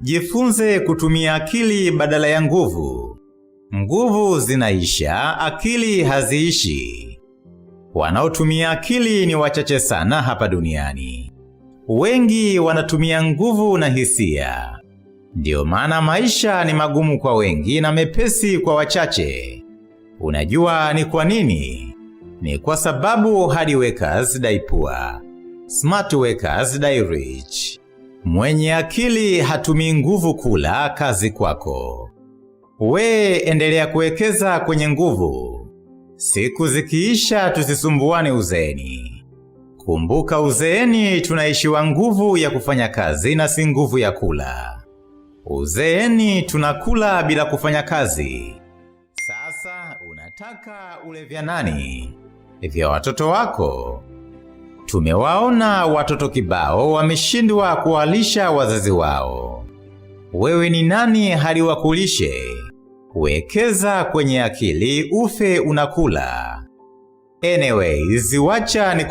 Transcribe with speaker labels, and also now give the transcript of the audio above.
Speaker 1: Jifunze kutumia akili badala ya nguvu. Nguvu zinaisha, akili haziishi. Wanaotumia akili ni wachache sana hapa duniani. Wengi wanatumia nguvu na hisia. Ndiyo maana maisha ni magumu kwa wengi na mepesi kwa wachache. Unajua ni kwa nini? Ni kwa sababu hard workers die poor, smart workers die rich. Mwenye akili hatumii nguvu kula kazi kwako. We endelea kuwekeza kwenye nguvu. Siku zikiisha tusisumbuane uzeeni. Kumbuka uzeeni tunaishiwa nguvu ya kufanya kazi na si nguvu ya kula. Uzeeni tunakula bila kufanya kazi. Sasa unataka ule vya nani? Vya watoto wako? Tumewaona watoto kibao wameshindwa kuwalisha wazazi wao. Wewe ni nani hali wakulishe? Wekeza kwenye akili ufe unakula. Anyways, wacha ni